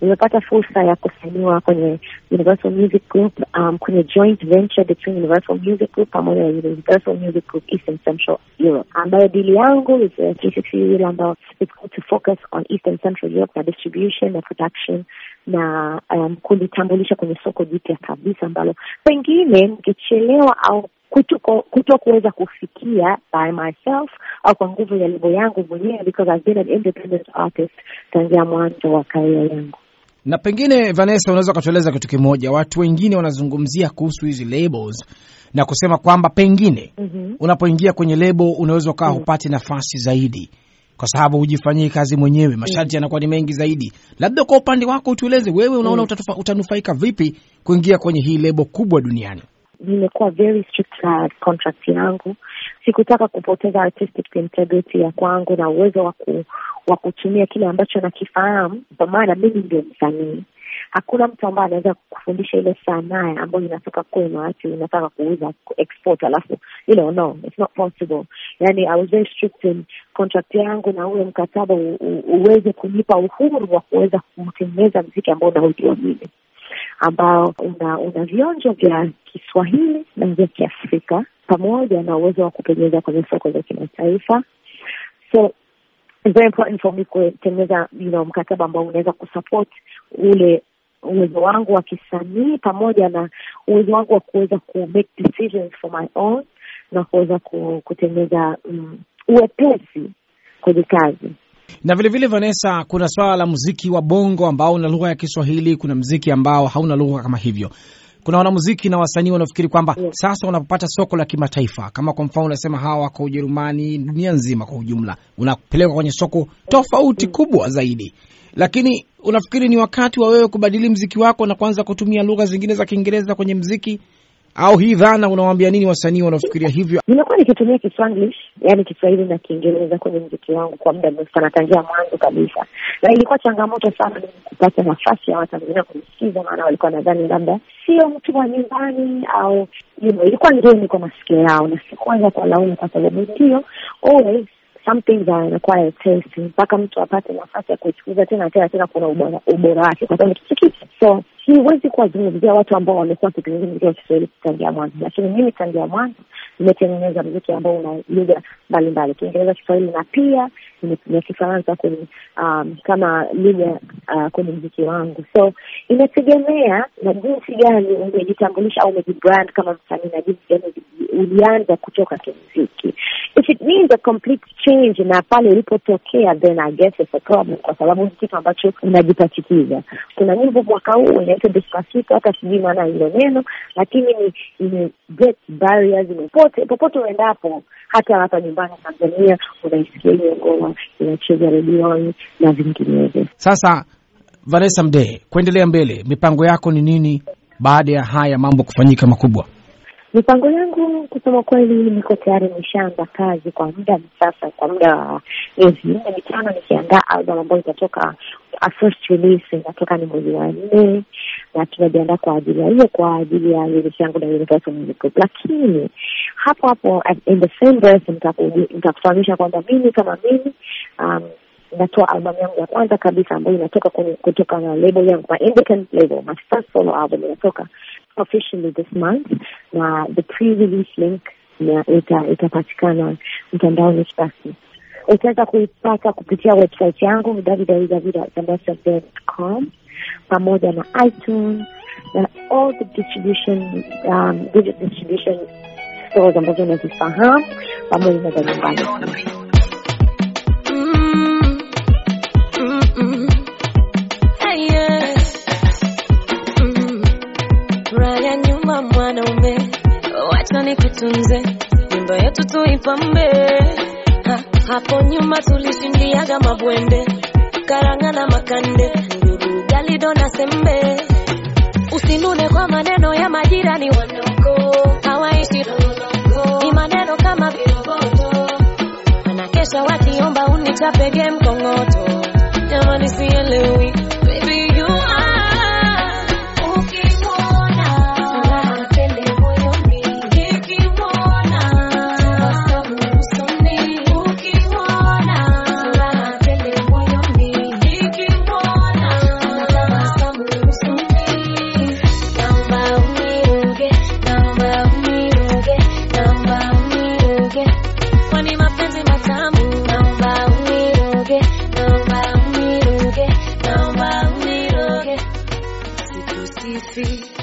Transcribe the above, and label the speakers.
Speaker 1: Nimepata fursa ya kusainiwa kwenye Universal Music Group, um, kwenye joint venture between Universal Music Group pamoja na Universal Music Group Eastern Central Europe, ambayo dili yangu is a 360 deal ambayo it's going to focus on Eastern Central Europe na distribution na production na um, kulitambulisha kwenye soko jipya kabisa ambalo pengine nikichelewa au kuto kuweza kufikia by myself au kwa nguvu ya lebo yangu mwenyewe because I've been an independent artist tangia mwanzo wa karia yangu.
Speaker 2: Na pengine Vanessa, unaweza ukatueleza kitu kimoja, watu wengine wanazungumzia kuhusu hizi labels na kusema kwamba pengine mm -hmm. unapoingia kwenye lebo unaweza ukawa mm -hmm. nafasi zaidi kwa sababu hujifanyii kazi mwenyewe, mm. masharti mm. yanakuwa ni mengi zaidi. Labda kwa upande wako utueleze wewe unaona mm. utanufaika vipi kuingia kwenye hii lebo kubwa duniani?
Speaker 1: Nimekuwa very strict na contract yangu sikutaka kupoteza artistic integrity ya kwangu na uwezo wa wa kutumia kile ambacho nakifahamu, kwa maana mimi ndio msanii. Hakuna mtu ambaye anaweza kufundisha ile sanaa ambayo inatoka kwenu, ati unataka kuuza export, alafu you know, no it's not possible. Yani I was very strict in contract yangu na huyo mkataba uweze kunipa uhuru wa kuweza kutengeneza mziki ambao unaujua mimi ambao una, una vionjo vya Kiswahili na vya Kiafrika pamoja na uwezo wa kupenyeza kwenye soko za kimataifa. So it's very important for me kutengeneza you know, mkataba ambao unaweza kusupport ule uwezo wangu wa kisanii pamoja na uwezo wangu wa kuweza ku make decisions for my own na kuweza kutengeneza um, mm, uwepesi kwenye kazi.
Speaker 2: Na vilevile vile Vanessa, kuna swala la muziki wa bongo ambao una lugha ya Kiswahili, kuna muziki ambao hauna lugha kama hivyo. Kuna wanamuziki na wasanii wanaofikiri kwamba yeah, sasa wanapopata soko la kimataifa, kama kwa mfano unasema hawa wako Ujerumani, dunia nzima kwa ujumla, unapelekwa kwenye soko tofauti mm. kubwa zaidi. Lakini unafikiri ni wakati wa wewe kubadili mziki wako na kuanza kutumia lugha zingine za Kiingereza kwenye mziki au hii dhana unawaambia nini wasanii wanaofikiria hivyo? Nimekuwa nikitumia Kiswanglish, yani Kiswahili na Kiingereza
Speaker 1: kwenye mziki wangu kwa muda mrefu sana, tangia mwanzo kabisa, na ilikuwa changamoto sana kupata nafasi ya Watanzania kumsikiza, maana walikuwa nadhani labda sio mtu wa nyumbani au hivyo, ilikuwa ngeni kwa masikio yao, na kwa laumu kwa sababu ndio anakuwa mpaka mtu apate nafasi ya kuichukuza tena tena tena, kuna ubora wake, kwa sababu kitu kipi so siwezi kuwazungumzia watu ambao wamekuwa wakitengeneza wa Kiswahili tangia mwanzo, lakini mimi tangia mwanzo nimetengeneza mziki ambao una lugha mbalimbali, Kiingereza, Kiswahili na pia na Kifaransa kwenye um, kama lugha uh, kwenye mziki wangu. So inategemea na jinsi gani umejitambulisha au umejibrand kama msanii na jinsi gani ulianza kutoka kimziki if it means a complete change na pale ilipotokea, then I guess it's a problem, kwa sababu ni kitu ambacho unajipatikiza. Kuna nyimbo mwaka huu inaitwa Despacito, hata sijui maana hilo neno, lakini ni get barriers popote popote uendapo, hata hapa nyumbani Tanzania unaisikia hiyo ngoma
Speaker 2: inacheza redioni na vinginevyo. Sasa Vanessa Mdee, kuendelea mbele, mipango yako ni nini baada ya haya mambo kufanyika makubwa?
Speaker 1: Mipango yangu kusema kweli, niko tayari, nishaanza kazi kwa muda sasa, kwa muda wa miezi nne mitano, nikiandaa album ambayo itatoka first release inatoka ni mwezi wa nne, na tunajiandaa kwa ajili ya hiyo, kwa ajili ya release yangu na Universal Music Group. Lakini hapo hapo in the same breath nitakufahamisha kwamba mimi kama mimi um, natoa albamu yangu ya kwanza kabisa ambayo inatoka kutoka na label yangu, my independent label, my first solo album inatoka officially this month na the pre-release link itapatikana mtandaoni basi utaweza kuipata kupitia website yangu www.com pamoja na itunes na all the distribution um, digital distribution stores ambazo unazifahamu pamoja na za nyumbani
Speaker 3: mzee, nyumba yetu tuipambe. Ha, hapo nyuma tulishindiaga mabwende, karanga na makande, ndugu galido na sembe. Usinune kwa maneno ya majirani, wanoko hawaishi ni maneno kama viroboto, wanakesha wakiomba unichape game kong'oto. Jamani, sielewi feet.